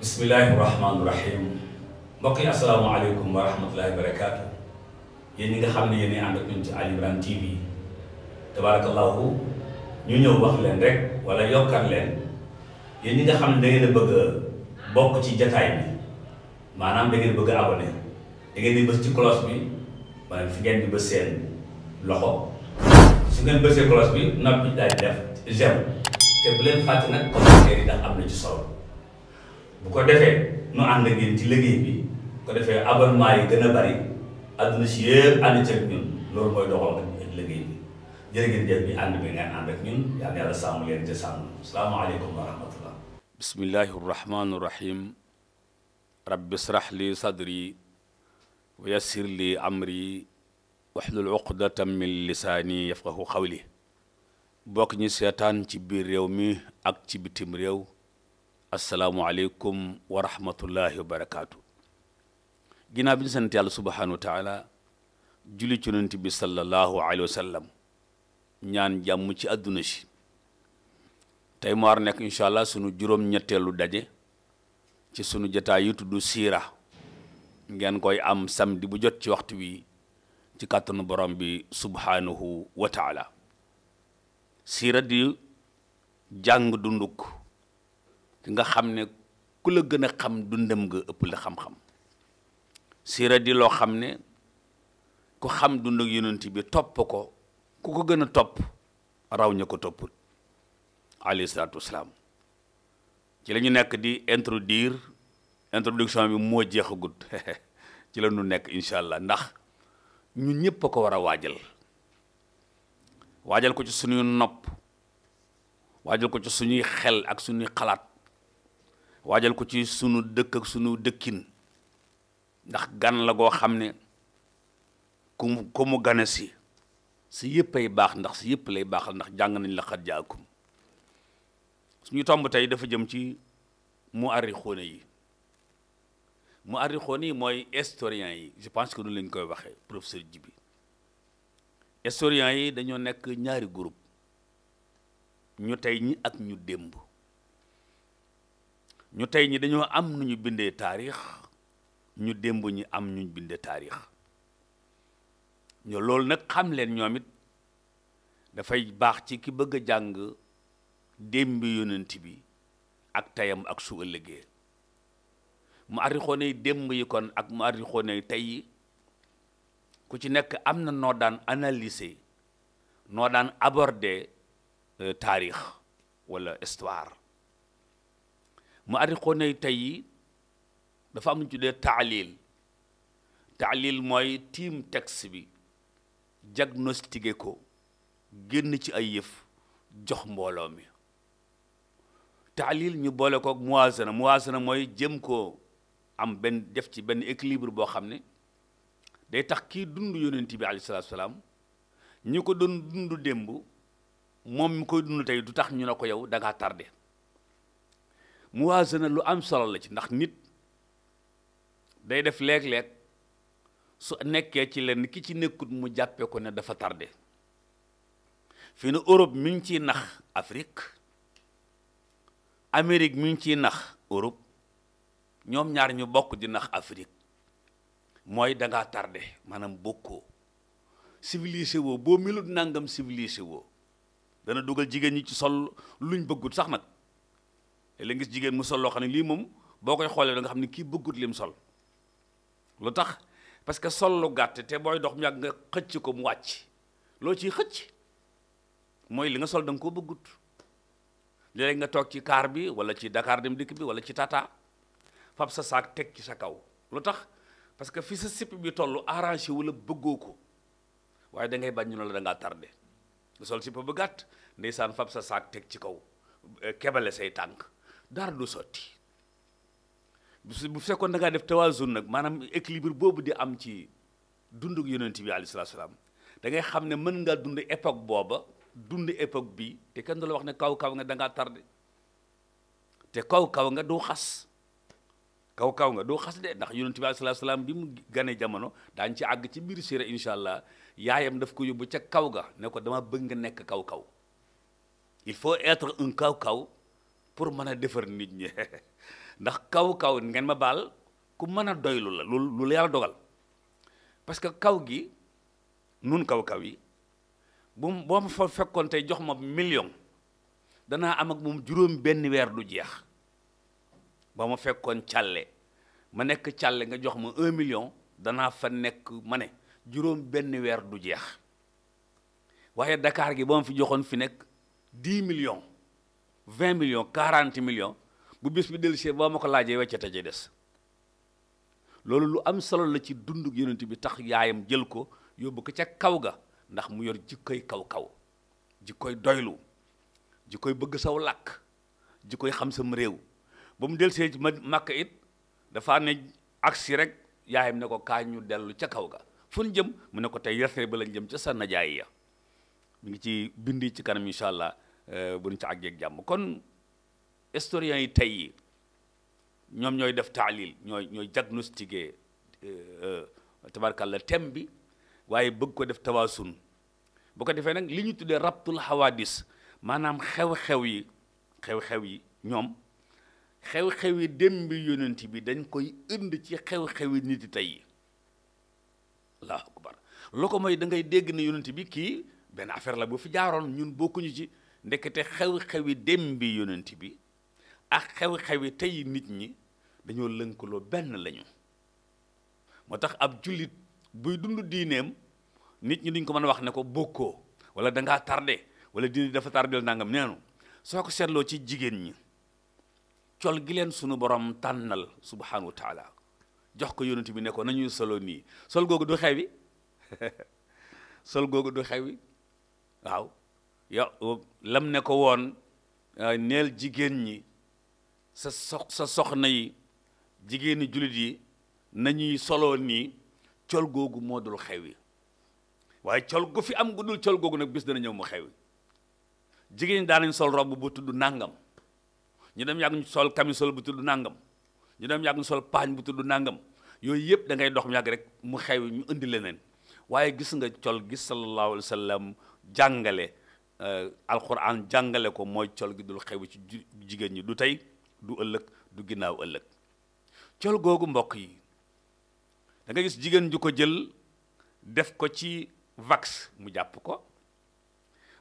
bismillaahi rahmaani rahiim mbokk yi asalaamaaleykum wa rahmatullaahi wa barakaatu yéen nga xam ne yéen ànd ak ci Ali TV tabaarakallaahu ñu ñëw wax leen rek wala yokkar leen yéen nga xam ne da ngeen a bëgg ci jataay bi maanaam da ngeen bëgg a abonné di bës ci bi maanaam fi ngeen di bës seen loxo su ngeen bësee cloche bi noppi daal di def j'aime te bu leen nag commentaire yi ndax am na ci bu ko defee nu ànd ak yéen ci liggéey bu ko defee abonnement yi gën bari àdduna si yëpp ànd ci ak ñun loolu mooy doxal ak bi jërë ngeen jëf bi ànd bi ngeen ànd ak ñun yal na yàlla sàmm te sàmm salaamaaleykum wa rahmatullah bismillahi rahmaani rahim rabbi israh sadri wa li amri waxlul uqdatam min lisaani yafqahu qawli bokk ñu seetaan ci biir réew mi ak ci bitim réew asalaamualeykum wa rahmatullahi wa barakaatu. ginnaaw bi ñu sant yàlla subhaanahu wa taala julli ci yonent bi sallallahu alayhi wa sallam ñaan jàmm ci àdduna si tey mu war nekk incha allah sunu juróom-ñetteelu daje ci sunu jotaay yu tudd siira ngeen koy am samedi bu jot ci waxtu wi ci kàttanu borom bi subhaanahu wa taala siira di jàng dunduk nga xam ne ku la gën a xam dundam nga ëpp la xam-xam siira loo xam ne ku xam dund ak yonent bi topp ko ku ko gën a topp raw ñu ko topp alayhi salaatu wasalaam ci la ñu nekk di introduire introduction bi moo jeexagut ci la ñu nekk incha allah ndax ñun ñëpp a ko war a waajal waajal ko ci suñuy nopp waajal ko ci suñuy xel ak suñuy xalaat waajal ko ci sunu dëkk ak sunu dëkkin ndax gan la goo xam ne ku mu ku mu si si yëpp ay baax ndax si yëpp lay baaxal ndax jàng nañ la xat su suñu tomb tey dafa jëm ci mu arrixoone yi mu arrixoone yi mooy historien yi je pense que nu lañ koy waxee professeur Djibi historien yi dañoo nekk ñaari group ñu tey ñi ak ñu démb ñu tey ñi dañoo am nu ñu bindee taarix ñu démb ñi am ñu bindee taarix ñoo loolu nag xam leen ñoom it dafay baax ci ki bëgg a jàng démbi yonent bi ak tayam ak su ëllëgee mu arrixoone démb yi kon ak mu arrixoone tey yi ku ci nekk am na noo daan analyser noo daan aborder euh, taarix wala histoire mu arriqoonay tey dafa am lu ñu tuddee taalil taalil mooy tiim texte bi diagnostiqué ko génn ci ay yëf jox mbooloo mi taalil ñu boole ko muwaasana muwaasana mooy jëm koo am benn def ci benn équilibre boo xam ne day tax kii dund yonent bi alayhi salaatu salaam ñu ko doon dund démb moom mi koy dund tey du tax ñu ne ko yow da ngaa muwaazana lu am solo la ci ndax nit day def léeg leek su nekkee ci lenn ki ci nekkut mu jàppe ko ne dafa tardé fi ne Europe mi ngi ci nax Afrique amerique mu ngi ciy nax Europe ñoom ñaar bokk di nax Afrique mooy danga ngaa tardé maanaam bokkoo civilisé woo boo melut nangam civilisé woo dana dugal jigéen ñi ci sol luñ bëggut sax nag. la jigéen mu sol loo xam ne lii moom boo koy xoolee da xam ne kii bëggut lim sol lu tax parce que sol lu gàtt te booy dox mu nga xëcc ko mu wàcc loo ciy xëcc mooy li nga sol da nga koo bëggut léeg nga toog ci kaar bi wala ci dakaar dem dikk bi wala ci tata fab sa saak teg ci sa kaw lu tax parce que fi sa sipp bi toll arrangé wu la bëggoo ko waaye da ngay bañ ñu ne la da ngaa tardé nga sol sipp bu gàtt nday ndeysaan fab sa saak teg ci kaw eh, kebale say tànk dara du sotti bu fekkoon da ngaa def tawazun nag maanaam équilibre boobu di am ci dunduk yonent bi alayhi salaatu salaam da ngay xam ne mën ngaa dund époque booba dund époque bi te kenn du la wax ne kaw kaw nga da ngaa te kaw kaw nga du xas kaw kaw nga doo xas de ndax yonent bi alayhi salaatu salaam bi mu gane jamono daañ ci àgg ci biir sira incha allah yaayam daf ko yóbbu ca kaw ga ne ko dama bëgg nga nekk kaw kaw il faut être un kaw kaw pour mën a defar nit ñi ndax kaw kaw ngeen ma baal ku mën a doylu la lu lu yàlla dogal parce que kaw gi nun kaw kaw yi bu boo ma fa fekkoon tey jox ma million danaa am ak moom juróom benn weer du jeex boo ma fekkoon càlle ma nekk càlle nga jox ma un million danaa fa nekk ma ne juróom benn weer du jeex waaye Dakar gi boo ma fi joxoon fi nekk dix million vingt million quarante million bu bis bi see boo ma ko laajee weccate ca des loolu lu am solo la ci dund yonent bi tax yaayam jël ko yóbbu ko ca kaw ga ndax mu yor jikkoy kaw kaw jikkoy doylu jikkoy bëgg saw làkk jikkoy xam sam réew ba mu dellusee ma Makka it dafa ne agsi rek yaayam ne ko kaa ñu dellu ca kaw ga fun jëm mu ne ko tey Yasrib ba lañ jëm ca sa najaay ya mu ngi ci bind ci kanam incha allah Euh, bu ñu ci àggeeg jàmm kon historiens yi tey ñoom ñooy def taalil ñooy ñooy diagnostiqué euh, tabarkàlla thème bi waaye bëgg ko def tawaasun bu ko defee nag li ñu tuddee rabtul hawadis maanaam xew-xew yi xew-xew yi ñoom xew-xewi démb yonent bi dañ koy indi ci xew-xewi nit yi tey allahu akbar loo ko mooy da ngay dégg ne yonent bi kii benn affaire la bu fi jaaroon ñun bokkuñu ci ndekete xew-xewi dem bi yonent bi ak xew-xewi tey nit ñi dañoo lënkaloo benn lañu moo tax ab jullit buy dund diineem nit ñi duñ ko mën a wax ne ko bokkoo wala dangaa ngaa tardé wala diine dafa tardel nangam neenu soo ko seetloo ci jigéen ñi col gi leen sunu borom tànnal subhanahu wa taala jox ko yonent bi ne ko nañuy solo nii sol googu du xewi sol googu du xewi waaw yow lam ne ko woon ah, neel jigéen ñi sa sox sa soxna yi jigéeni jullit yi nañuy soloo nii col googu moo dul xew yi waaye col gu fi am gu dul col googu nag bis dana ñëw mu xew yi jigéen ñi daanañ sol robb bu tudd nàngam ñu dem yàgg ñu sol camisole bu tudd nàngam ñu dem yàgg ñu sol paañ bu tudd nàngam yooyu yëpp dangay ngay dox mu yàgg rek mu xew ñu indi leneen waaye gis nga col gis sallallahu alayhi wa jàngale Euh, alxuraan jàngale ko mooy col gi dul xew ci jigéen ñi du tey du ëllëg du ginnaaw ëllëg col googu mbokk yi danga gis jigéen ju ko jël def ko ci vax mu jàpp ko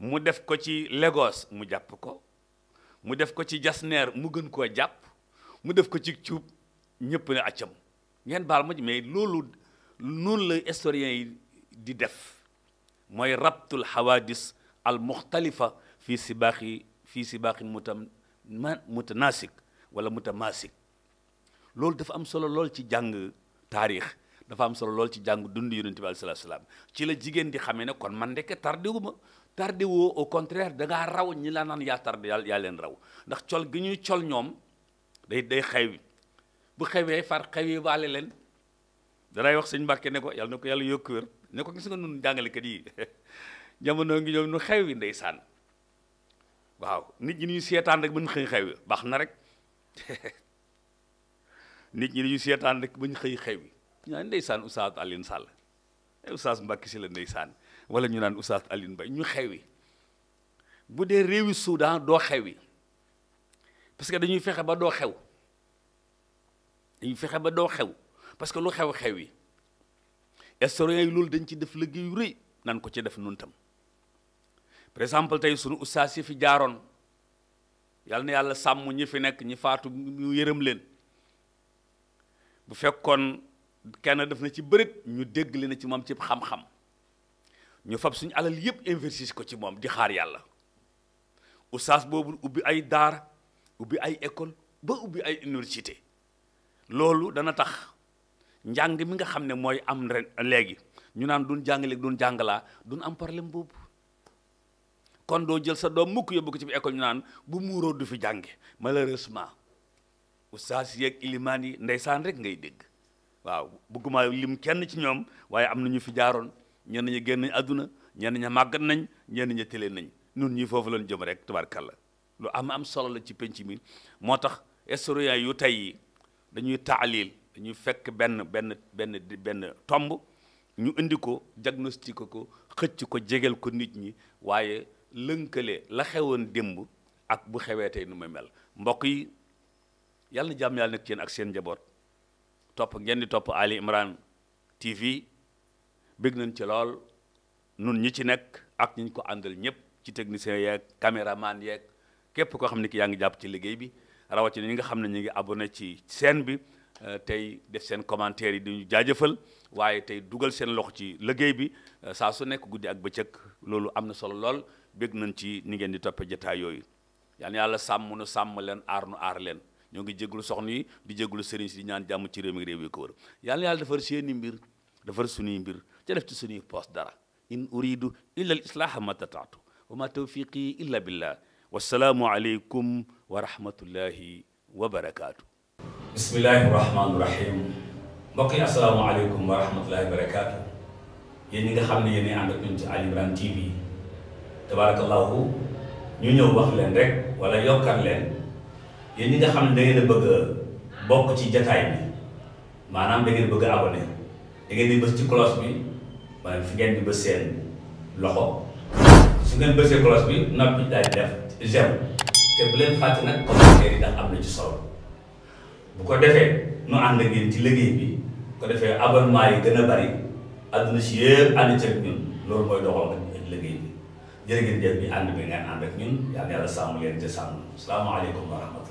mu def ko ci Lagos mu jàpp ko mu def ko ci jasneer mu gën koo jàpp mu def ko ci cuub ñépp ne accam ngeen baal ma mais loolu noonu la historien yi di def mooy rabtul xawaadis al muxtalifa fii si baaxi fii si baaxi muta mutanasik wala mutamaasik loolu dafa am solo lool ci jàng taarix dafa am solo lool ci jàng dund yu yonent bi alayhi salaam ci la jigéen di xamee ne kon man ndeke tardé wu ma au contraire da ngaa raw ñi laa naan yaa tardé yaa leen raw ndax col gi ñuy col ñoom day day xew bu xewee far xewee baale leen danay wax sëñ Mbàkke ne ko yàlla na ko yàlla yokk wér ne ko gis nga nun jàngalekat yi jamono ngi ñoom nu xew wi ndeysaan waaw nit ñi ñu seetaan rek bañ xëy xew baax na rek nit ñi ñu seetaan rek bañ xëy xew wi ñu naan ndeysaan Oustaz Alioune Sall eh, Oustaz Mbacké Sylla ndeysaan wala ñu naan Oustaz Alioune Mbaye ñu xew wi bu dee réewi Soudan doo xew wi parce que dañuy fexe ba doo xew dañuy fexe ba doo xew parce que lu xew xew yi historiens loolu dañ ci def liggéey yu rëy nan ko ci def nun tam par exemple tey sunu ustaas yi fi jaaroon yal na yàlla sàmm ñi fi nekk ñi faatu ñu yërëm leen bu fekkoon kenn def na ci bërit ñu dégg li na ci moom ci xam-xam ñu fab suñu alal yëpp investir ko ci moom di xaar yàlla ustaas boobu ubbi ay daara ubbi ay école ba ubbi ay université loolu dana tax njàng mi nga xam ne mooy am ren léegi ñu naan duñ jàng léegi duñ jàng laa duñ am problème boobu kon doo jël sa doom mukk yóbbu ko ci bi école ñu naan bu muuroo du fi jànge malheureusement oustaz yeeg ilimaan yi ndeysaan rek ngay dégg waaw bëgguma lim kenn ci ñoom waaye am na ñu fi jaaroon ñenn ñi génn àdduna ñenn ña màggat nañ ñenn ña tëlee nañ nun ñuy foofu lañ jëm rek tubaarkàlla lu am am solo la ci penc mi moo tax historien yu tey dañuy taaliil dañuy fekk benn benn benn benn tomb ñu indi ko diagnostique ko xëcc ko jegel ko nit ñi waaye lënkale la xewoon démb ak bu xewee tey nu muy mel mbokk yi yàlla na jàmm yàlla nekk ci yéen ak seen njaboot topp ngeen di topp Ali Imran TV bég nañ ci lool nun ñi ci nekk ak ñi ñu ko àndal ñëpp ci technicien yeeg caméraman yeeg képp koo xam ne ki yaa ngi jàpp ci liggéey bi rawatina ñi nga xam ne ñu ngi abonné ci seen bi euh, tey def seen commentaire yi di ñu jaajëfal waaye tey dugal seen loxo ci liggéey bi euh, saa su nekk guddi ak bëccëg loolu am na solo lool. bég nañ ci ni ngeen di toppe jataay yooyu yal na yàlla sàmm nu sàmm leen aar nu aar leen ñoo ngi jéglu soxna yi di jéglu sëriñ si di ñaan jàmm ci réew mi réew yi ko wër yal na yàlla defar seeni mbir defar suñuy mbir ca ci suñuy poos dara in uridu illa al islaaha ma tataatu wa ma tawfiqi illa billah wa rahmatullahi wa wa rahmatullahi wa barakaatu yéen ñi nga xam ne yéen ànd ak ñun ci Ali tabarakallahu ñu ñëw wax leen rek wala yokkaat leen yéen ñi nga xam ne da bëgg bokk ci jataay bi maanaam da ngeen bëgg a abonné di bës ci cloche bi maanaam fi ngeen di bës seen loxo su ngeen bësee cloche bi noppi daal di def j'aime te bu leen fàtte nag commentaire yi ndax am na ci solo bu ko defee nu ànd ak ci liggéey bi bu ko defee abonnement yi gën a bari àdduna si yëpp ànd ceeg ñun loolu mooy doxal jërë ngeen jëf bi ànd bi ngeen ànd ak ñun yàlla yàlla sàmm leen te sàmm salaamaaleykum wa rahmatulah